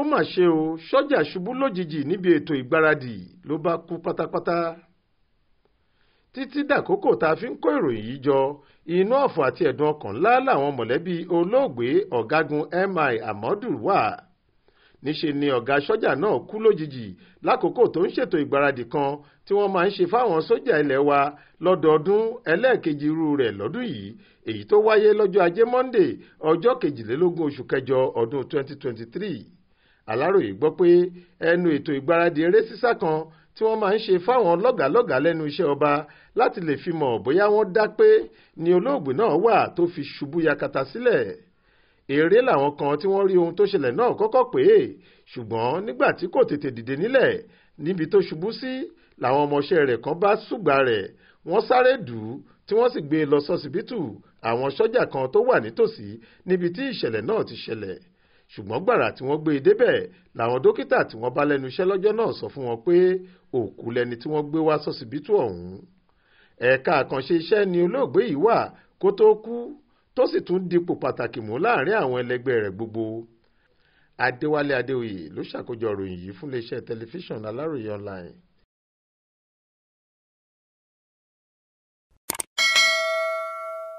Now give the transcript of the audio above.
ó mà ṣe o sọ́jà ṣubú lójijì níbi ètò ìgbáradì ló bá kú pátápátá títí dàkókò tá a fi ń kó ìròyìn yìí jọ inú ọ̀fọ̀ àti ẹ̀dùn ọkàn ńlá làwọn mọ̀lẹ́bí olóògbé ọ̀gágun mi amadu wà níṣe ni ọ̀gá sọ́jà náà kú lójijì lákòókò tó ń ṣètò ìgbáradì kan tí wọ́n máa ń ṣe fáwọn sójà ilẹ̀ wa lọ́dọọdún ẹlẹ́ẹ̀kejì irú rẹ̀ lọ́dún yìí èyí tó wáyé lọ́jọ́ ajé monde ọjọ́ kejìlélógún oṣù kẹjọ ọdún 2023 aláròye gbọ́ pé ẹnu ètò ìgbaradì eré sísá kan tí wọ́n máa ń ṣe fáwọn lọ́gàálọ́gàá lẹ́nu iṣẹ́ ọba láti lè fi mọ̀ bóyá wọ́n dá pé ni olóògbé náà wà tó fi ṣubú yakata sílẹ̀ eré làwọn kan tí wọ́n rí ohun tó ṣẹlẹ̀ náà kọ́kọ́ pé ṣùgbọ́n nígbà tí kò tètè dìde nílẹ̀ níbi tó ṣubú sí làwọn ọmọọṣẹ́ rẹ̀ kan bá ṣùgbà rẹ̀ wọ́n sáré dù ú tí wọ́n sì gbé e lọ sọsibítù àwọn sọ́jà kan tó wà nítòsí níbi tí ìṣẹ̀lẹ̀ náà ti ṣẹlẹ̀ ṣùgbọ́n gbàrà tí wọ́n gbé e débẹ̀ làwọn dókítà tí wọ́n bá lẹ́nu iṣẹ́ lọ́jọ́ náà sọ fún wọn pé òkú lẹni tí wọ́n gbé wá sọ́sibítù ọ̀hún. ẹ̀ka àkànṣe iṣẹ́ ni olóògbé yìí wà kó tó kú tó sì tún dipò pàtàkì mú láàrin àwọn ẹlẹgbẹ́ rẹ̀ gbogbo. adéwálé adéoyè ló ṣàkójọ ìròyìn yìí fún iléeṣẹ́ tẹlifíṣàn aláròye online.